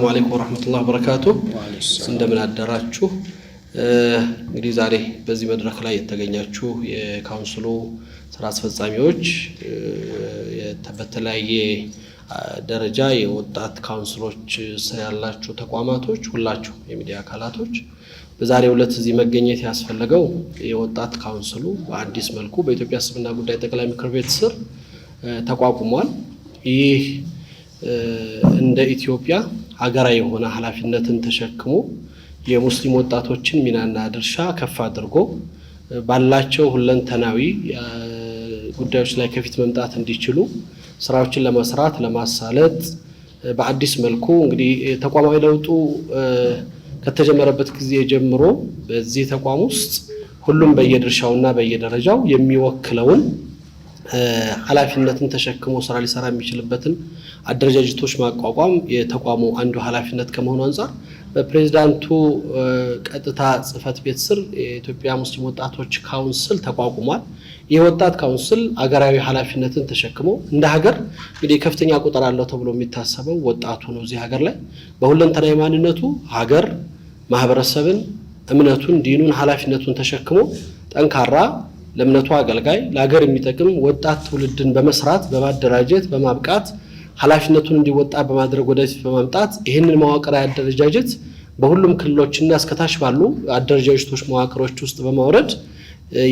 አሰላሙ አለይኩም ወረሕመቱላሂ በረካቱ እንደምን አደራችሁ? እንግዲህ ዛሬ በዚህ መድረክ ላይ የተገኛችሁ የካውንስሉ ስራ አስፈጻሚዎች፣ በተለያየ ደረጃ የወጣት ካውንስሎች ያላችሁ ተቋማቶች፣ ሁላችሁ የሚዲያ አካላቶች በዛሬው ዕለት እዚህ መገኘት ያስፈለገው የወጣት ካውንስሉ በአዲስ መልኩ በኢትዮጵያ እስልምና ጉዳይ ጠቅላይ ምክር ቤት ስር ተቋቁሟል። ይህ እንደ ኢትዮጵያ አገራዊ የሆነ ኃላፊነትን ተሸክሞ የሙስሊም ወጣቶችን ሚናና ድርሻ ከፍ አድርጎ ባላቸው ሁለንተናዊ ጉዳዮች ላይ ከፊት መምጣት እንዲችሉ ስራዎችን ለመስራት ለማሳለጥ በአዲስ መልኩ እንግዲህ ተቋማዊ ለውጡ ከተጀመረበት ጊዜ ጀምሮ በዚህ ተቋም ውስጥ ሁሉም በየድርሻውና በየደረጃው የሚወክለውን ኃላፊነትን ተሸክሞ ስራ ሊሰራ የሚችልበትን አደረጃጀቶች ማቋቋም የተቋሙ አንዱ ኃላፊነት ከመሆኑ አንጻር በፕሬዚዳንቱ ቀጥታ ጽህፈት ቤት ስር የኢትዮጵያ ሙስሊም ወጣቶች ካውንስል ተቋቁሟል። ይህ ወጣት ካውንስል አገራዊ ኃላፊነትን ተሸክሞ እንደ ሀገር እንግዲህ ከፍተኛ ቁጥር አለው ተብሎ የሚታሰበው ወጣቱ ነው። እዚህ ሀገር ላይ በሁለንተናዊ ማንነቱ ሀገር፣ ማህበረሰብን፣ እምነቱን፣ ዲኑን፣ ኃላፊነቱን ተሸክሞ ጠንካራ ለእምነቱ አገልጋይ ለሀገር የሚጠቅም ወጣት ትውልድን በመስራት በማደራጀት በማብቃት ኃላፊነቱን እንዲወጣ በማድረግ ወደፊት በማምጣት ይህንን መዋቅራዊ አደረጃጀት በሁሉም ክልሎችና እስከታች ባሉ አደረጃጀቶች መዋቅሮች ውስጥ በማውረድ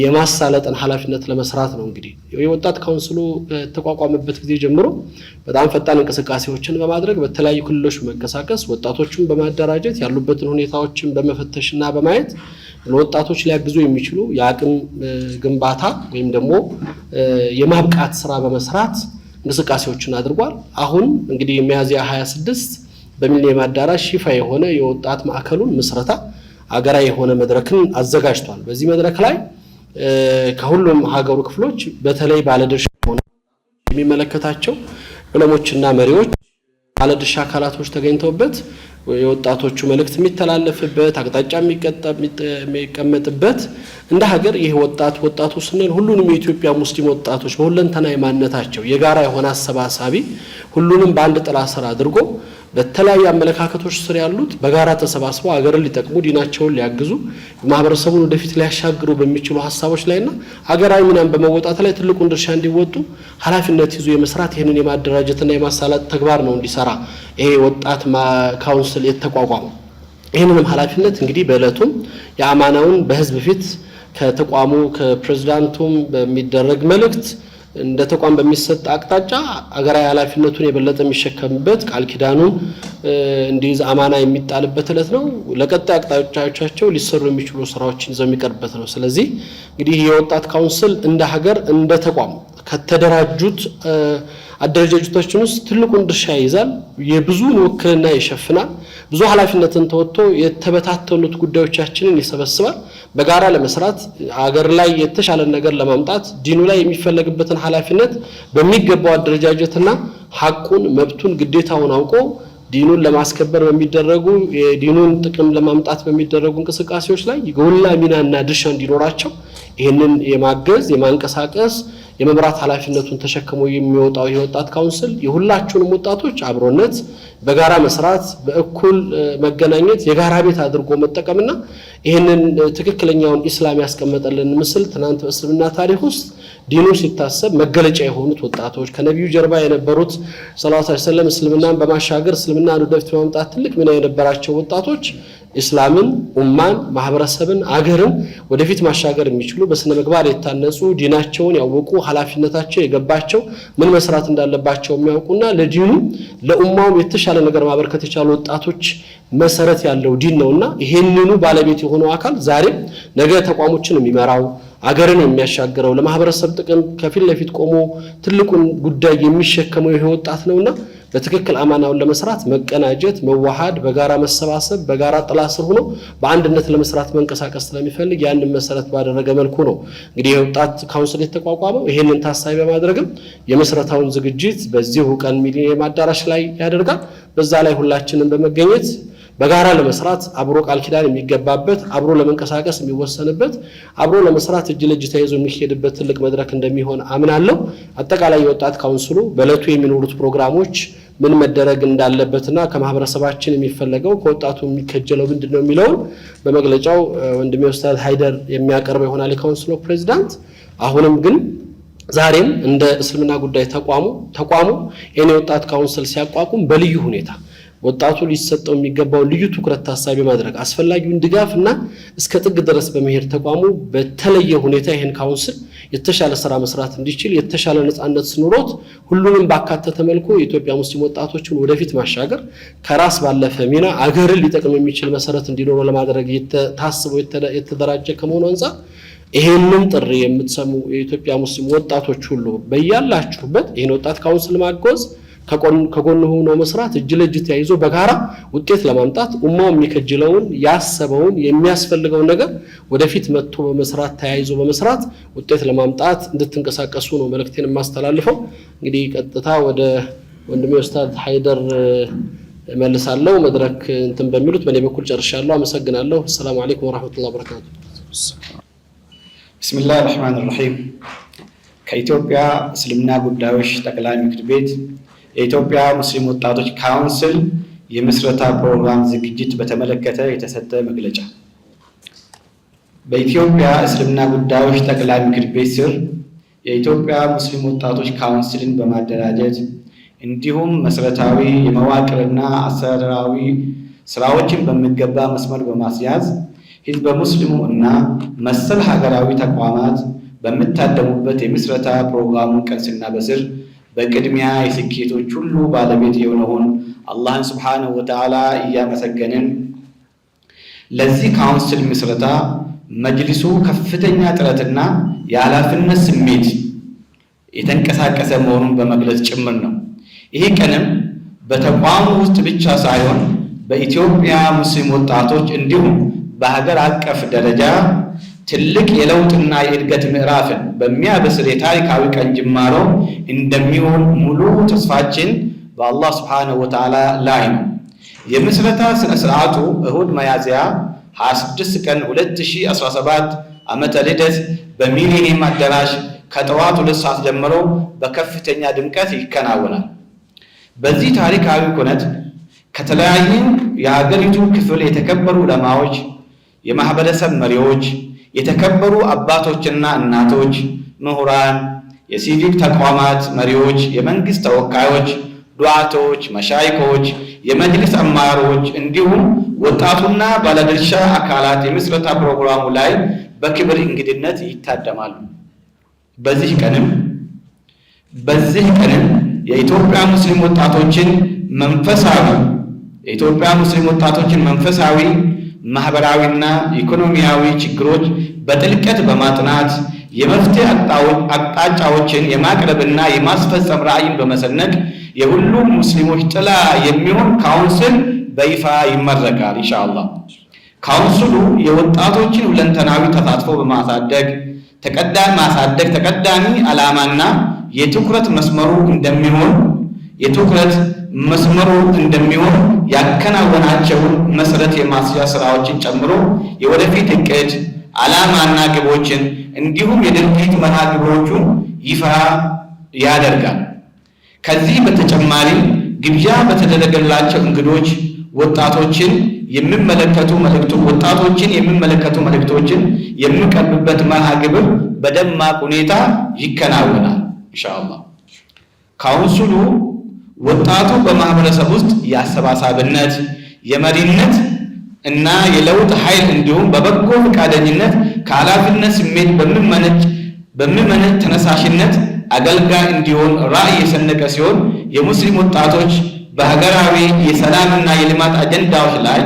የማሳለጠን ኃላፊነት ለመስራት ነው። እንግዲህ የወጣት ካውንስሉ ከተቋቋመበት ጊዜ ጀምሮ በጣም ፈጣን እንቅስቃሴዎችን በማድረግ በተለያዩ ክልሎች በመንቀሳቀስ ወጣቶችን በማደራጀት ያሉበትን ሁኔታዎችን በመፈተሽ እና በማየት ለወጣቶች ሊያግዙ የሚችሉ የአቅም ግንባታ ወይም ደግሞ የማብቃት ስራ በመስራት እንቅስቃሴዎችን አድርጓል። አሁን እንግዲህ የሚያዝያ 26 በሚሊኒየም አዳራሽ ይፋ የሆነ የወጣት ማዕከሉን ምስረታ አገራዊ የሆነ መድረክን አዘጋጅቷል። በዚህ መድረክ ላይ ከሁሉም ሀገሩ ክፍሎች በተለይ ባለድርሻ ሆነ የሚመለከታቸው ዕለሞችና መሪዎች ባለድርሻ አካላቶች ተገኝተውበት የወጣቶቹ መልእክት የሚተላለፍበት አቅጣጫ የሚቀመጥበት እንደ ሀገር ይህ ወጣት ወጣቱ ስንል ሁሉንም የኢትዮጵያ ሙስሊም ወጣቶች በሁለንተና ማንነታቸው የጋራ የሆነ አሰባሳቢ ሁሉንም በአንድ ጥላ ስር አድርጎ በተለያዩ አመለካከቶች ስር ያሉት በጋራ ተሰባስበው አገርን ሊጠቅሙ ዲናቸውን ሊያግዙ ማህበረሰቡን ወደፊት ሊያሻግሩ በሚችሉ ሀሳቦች ላይና አገራዊ ሚናን በመወጣት ላይ ትልቁን ድርሻ እንዲወጡ ኃላፊነት ይዞ የመስራት ይህንን የማደራጀትና የማሳላት ተግባር ነው እንዲሰራ ይሄ ወጣት ካውንስል የተቋቋመው። ይህንንም ኃላፊነት እንግዲህ በእለቱም የአማናውን በህዝብ ፊት ከተቋሙ ከፕሬዚዳንቱም በሚደረግ መልእክት እንደ ተቋም በሚሰጥ አቅጣጫ አገራዊ ኃላፊነቱን የበለጠ የሚሸከምበት ቃል ኪዳኑን እንዲይዝ አማና የሚጣልበት እለት ነው። ለቀጣይ አቅጣጫዎቻቸው ሊሰሩ የሚችሉ ስራዎችን ይዘው የሚቀርብበት ነው። ስለዚህ እንግዲህ የወጣት ካውንስል እንደ ሀገር እንደ ተቋም ከተደራጁት አደረጃጀታችን ውስጥ ትልቁን ድርሻ ይይዛል። የብዙን ውክልና ይሸፍናል። ብዙ ኃላፊነትን ተወጥቶ የተበታተኑት ጉዳዮቻችንን ይሰበስባል። በጋራ ለመስራት አገር ላይ የተሻለን ነገር ለማምጣት ዲኑ ላይ የሚፈለግበትን ኃላፊነት በሚገባው አደረጃጀትና ሀቁን፣ መብቱን፣ ግዴታውን አውቆ ዲኑን ለማስከበር በሚደረጉ የዲኑን ጥቅም ለማምጣት በሚደረጉ እንቅስቃሴዎች ላይ የጎላ ሚናና ድርሻ እንዲኖራቸው ይህንን የማገዝ የማንቀሳቀስ የመምራት ኃላፊነቱን ተሸክሞ የሚወጣው ይህ ወጣት ካውንስል የሁላችሁንም ወጣቶች አብሮነት በጋራ መስራት፣ በእኩል መገናኘት፣ የጋራ ቤት አድርጎ መጠቀምና ይህንን ትክክለኛውን ኢስላም ያስቀመጠልን ምስል ትናንት በእስልምና ታሪክ ውስጥ ዲኑ ሲታሰብ መገለጫ የሆኑት ወጣቶች ከነቢዩ ጀርባ የነበሩት ሰለላሁ ዐለይሂ ወሰለም እስልምናን በማሻገር እስልምናን ወደፊት በማምጣት ትልቅ ሚና የነበራቸው ወጣቶች ኢስላምን፣ ኡማን፣ ማህበረሰብን፣ አገርን ወደፊት ማሻገር የሚችሉ በስነ ምግባር የታነጹ ዲናቸውን ያወቁ ኃላፊነታቸው የገባቸው ምን መስራት እንዳለባቸው የሚያውቁና ለዲኑ ለኡማውም የተሻ የተሻለ ነገር ማበርከት የቻሉ ወጣቶች መሰረት ያለው ዲን ነውና ይሄንኑ ባለቤት የሆነው አካል ዛሬም ነገ ተቋሞችን የሚመራው አገርን የሚያሻግረው ለማህበረሰብ ጥቅም ከፊት ለፊት ቆሞ ትልቁን ጉዳይ የሚሸከመው ይሄ ወጣት ነውና በትክክል አማናውን ለመስራት መቀናጀት፣ መዋሃድ፣ በጋራ መሰባሰብ፣ በጋራ ጥላ ስር ሆኖ በአንድነት ለመስራት መንቀሳቀስ ስለሚፈልግ ያንን መሰረት ባደረገ መልኩ ነው እንግዲህ የወጣት ካውንስል የተቋቋመው። ይህንን ታሳቢ በማድረግም የመስረታውን ዝግጅት በዚሁ ቀን ሚሊኒየም አዳራሽ ላይ ያደርጋል። በዛ ላይ ሁላችንም በመገኘት በጋራ ለመስራት አብሮ ቃል ኪዳን የሚገባበት አብሮ ለመንቀሳቀስ የሚወሰንበት አብሮ ለመስራት እጅ ለእጅ ተይዞ የሚሄድበት ትልቅ መድረክ እንደሚሆን አምናለሁ። አጠቃላይ የወጣት ካውንስሉ በእለቱ የሚኖሩት ፕሮግራሞች ምን መደረግ እንዳለበትና ከማህበረሰባችን የሚፈለገው ከወጣቱ የሚከጀለው ምንድን ነው የሚለውን በመግለጫው ወንድሜ ኡስታዝ ሀይደር የሚያቀርበው ይሆናል የካውንስሉ ፕሬዚዳንት። አሁንም ግን ዛሬም እንደ እስልምና ጉዳይ ተቋሙ ተቋሙ ይህን የወጣት ካውንስል ሲያቋቁም በልዩ ሁኔታ ወጣቱ ሊሰጠው የሚገባው ልዩ ትኩረት ታሳቢ ማድረግ አስፈላጊውን ድጋፍ እና እስከ ጥግ ድረስ በመሄድ ተቋሙ በተለየ ሁኔታ ይህን ካውንስል የተሻለ ስራ መስራት እንዲችል የተሻለ ነፃነት ስኖሮት ሁሉንም ባካተተ መልኩ የኢትዮጵያ ሙስሊም ወጣቶችን ወደፊት ማሻገር ከራስ ባለፈ ሚና አገርን ሊጠቅም የሚችል መሰረት እንዲኖረው ለማድረግ ታስቦ የተደራጀ ከመሆኑ አንጻር ይሄንን ጥሪ የምትሰሙ የኢትዮጵያ ሙስሊም ወጣቶች ሁሉ በያላችሁበት ይህን ወጣት ካውንስል ማጎዝ ከጎን ሆኖ መስራት እጅ ለእጅ ተያይዞ በጋራ ውጤት ለማምጣት ኡማው የሚከጅለውን ያሰበውን የሚያስፈልገውን ነገር ወደፊት መጥቶ በመስራት ተያይዞ በመስራት ውጤት ለማምጣት እንድትንቀሳቀሱ ነው መልእክቴን የማስተላልፈው። እንግዲህ ቀጥታ ወደ ወንድሜ ኡስታዝ ሀይደር መልሳለው መድረክ እንትን በሚሉት በእኔ በኩል ጨርሻለሁ። አመሰግናለሁ። አሰላሙ አለይኩም ወረህመቱላሂ ወበረካቱ። ብስሚላህ ረህማን ረሂም ከኢትዮጵያ እስልምና ጉዳዮች ጠቅላይ ምክር ቤት የኢትዮጵያ ሙስሊም ወጣቶች ካውንስል የምስረታ ፕሮግራም ዝግጅት በተመለከተ የተሰጠ መግለጫ። በኢትዮጵያ እስልምና ጉዳዮች ጠቅላይ ምክር ቤት ስር የኢትዮጵያ ሙስሊም ወጣቶች ካውንስልን በማደራጀት እንዲሁም መሰረታዊ የመዋቅርና አሰራራዊ ስራዎችን በሚገባ መስመር በማስያዝ ህዝበ ሙስሊሙ እና መሰል ሀገራዊ ተቋማት በሚታደሙበት የምስረታ ፕሮግራሙን ቀን ስናበስር በቅድሚያ የስኬቶች ሁሉ ባለቤት የሆነውን አላህን ስብሓነሁ ወተዓላ እያመሰገንን ለዚህ ካውንስል ምስረታ መጅሊሱ ከፍተኛ ጥረትና የኃላፊነት ስሜት የተንቀሳቀሰ መሆኑን በመግለጽ ጭምር ነው። ይሄ ቀንም በተቋሙ ውስጥ ብቻ ሳይሆን በኢትዮጵያ ሙስሊም ወጣቶች እንዲሁም በሀገር አቀፍ ደረጃ ትልቅ የለውጥና የእድገት ምዕራፍን በሚያበስር የታሪካዊ ቀን ጅማሮ እንደሚሆን ሙሉ ተስፋችን በአላህ ስብሓነሁ ወተዓላ ላይ ነው። የምስረታ ሥነ ሥርዓቱ እሁድ መያዝያ 26 ቀን 2017 ዓመተ ልደት በሚሊኒየም አዳራሽ ከጠዋቱ ሁለት ሰዓት ጀምሮ በከፍተኛ ድምቀት ይከናወናል። በዚህ ታሪካዊ ኩነት ከተለያዩ የሀገሪቱ ክፍል የተከበሩ ዑለማዎች፣ የማህበረሰብ መሪዎች የተከበሩ አባቶችና እናቶች፣ ምሁራን፣ የሲቪክ ተቋማት መሪዎች፣ የመንግስት ተወካዮች፣ ዱዓቶች፣ መሻይኮች፣ የመጅልስ አማሮች እንዲሁም ወጣቱና ባለድርሻ አካላት የምስረታ ፕሮግራሙ ላይ በክብር እንግድነት ይታደማሉ። በዚህ ቀንም በዚህ ቀንም የኢትዮጵያ ሙስሊም ወጣቶችን መንፈሳዊ የኢትዮጵያ ሙስሊም ወጣቶችን መንፈሳዊ ማህበራዊና ኢኮኖሚያዊ ችግሮች በጥልቀት በማጥናት የመፍትሄ አቅጣጫዎችን የማቅረብና የማስፈጸም ራዕይን በመሰነቅ የሁሉም ሙስሊሞች ጥላ የሚሆን ካውንስል በይፋ ይመረቃል። ኢንሻአላህ ካውንስሉ የወጣቶችን ሁለንተናዊ ተሳትፎ በማሳደግ ተቀዳሚ ማሳደግ ተቀዳሚ ዓላማና የትኩረት መስመሩ እንደሚሆን የትኩረት መስመሩ እንደሚሆን ያከናወናቸውን መሰረት የማስያ ስራዎችን ጨምሮ የወደፊት እቅድ ዓላማና ግቦችን እንዲሁም የድርጊት መርሃ ግብሮቹን ይፋ ያደርጋል። ከዚህ በተጨማሪ ግብዣ በተደረገላቸው እንግዶች ወጣቶችን የሚመለከቱ መልእክቱ ወጣቶችን የሚመለከቱ መልእክቶችን የሚቀርብበት መርሃ ግብር በደማቅ ሁኔታ ይከናወናል። ኢንሻአላህ ካውንስሉ ወጣቱ በማህበረሰብ ውስጥ የአሰባሳብነት የመሪነት እና የለውጥ ኃይል እንዲሁም በበጎ ፈቃደኝነት ከኃላፊነት ስሜት በሚመነጭ በሚመነጭ ተነሳሽነት አገልጋይ እንዲሆን ራዕይ የሰነቀ ሲሆን የሙስሊም ወጣቶች በሀገራዊ የሰላምና የልማት አጀንዳዎች ላይ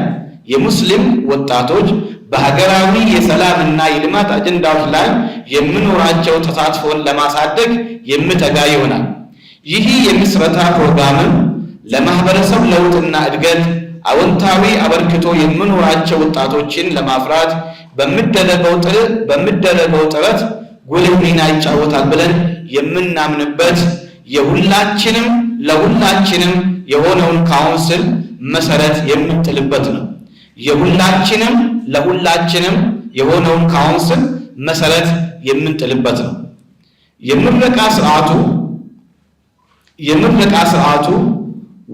የሙስሊም ወጣቶች በሀገራዊ የሰላምና የልማት አጀንዳዎች ላይ የሚኖራቸው ተሳትፎን ለማሳደግ የሚተጋ ይሆናል። ይህ የምስረታ ፕሮግራምን ለማህበረሰብ ለውጥና እድገት አዎንታዊ አበርክቶ የምኖራቸው ወጣቶችን ለማፍራት በሚደረገው ጥረት ጉልህ ሚና ይጫወታል ብለን የምናምንበት የሁላችንም ለሁላችንም የሆነውን ካውንስል መሰረት የምንጥልበት ነው። የሁላችንም ለሁላችንም የሆነውን ካውንስል መሰረት የምንጥልበት ነው። የምረቃ ስርዓቱ የምረቃ ስርዓቱ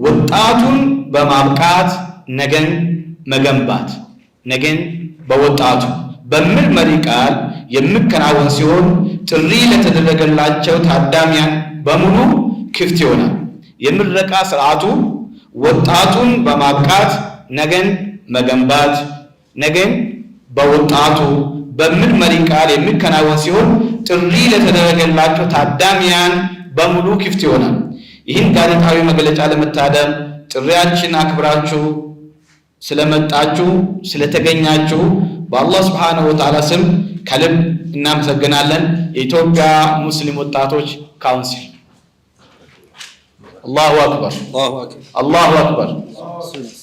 ወጣቱን በማብቃት ነገን መገንባት ነገን በወጣቱ በሚል መሪ ቃል የሚከናወን ሲሆን ጥሪ ለተደረገላቸው ታዳሚያን በሙሉ ክፍት ይሆናል። የምረቃ ስርዓቱ ወጣቱን በማብቃት ነገን መገንባት ነገን በወጣቱ በሚል መሪ ቃል የሚከናወን ሲሆን ጥሪ ለተደረገላቸው ታዳሚያን በሙሉ ክፍት ይሆናል። ይህን ጋዜጣዊ መግለጫ ለመታደም ጥሪያችን አክብራችሁ ስለመጣችሁ ስለተገኛችሁ በአላህ ስብሓነሁ ወተዓላ ስም ከልብ እናመሰግናለን። የኢትዮጵያ ሙስሊም ወጣቶች ካውንስል። አላሁ አክበር፣ አላሁ አክበር።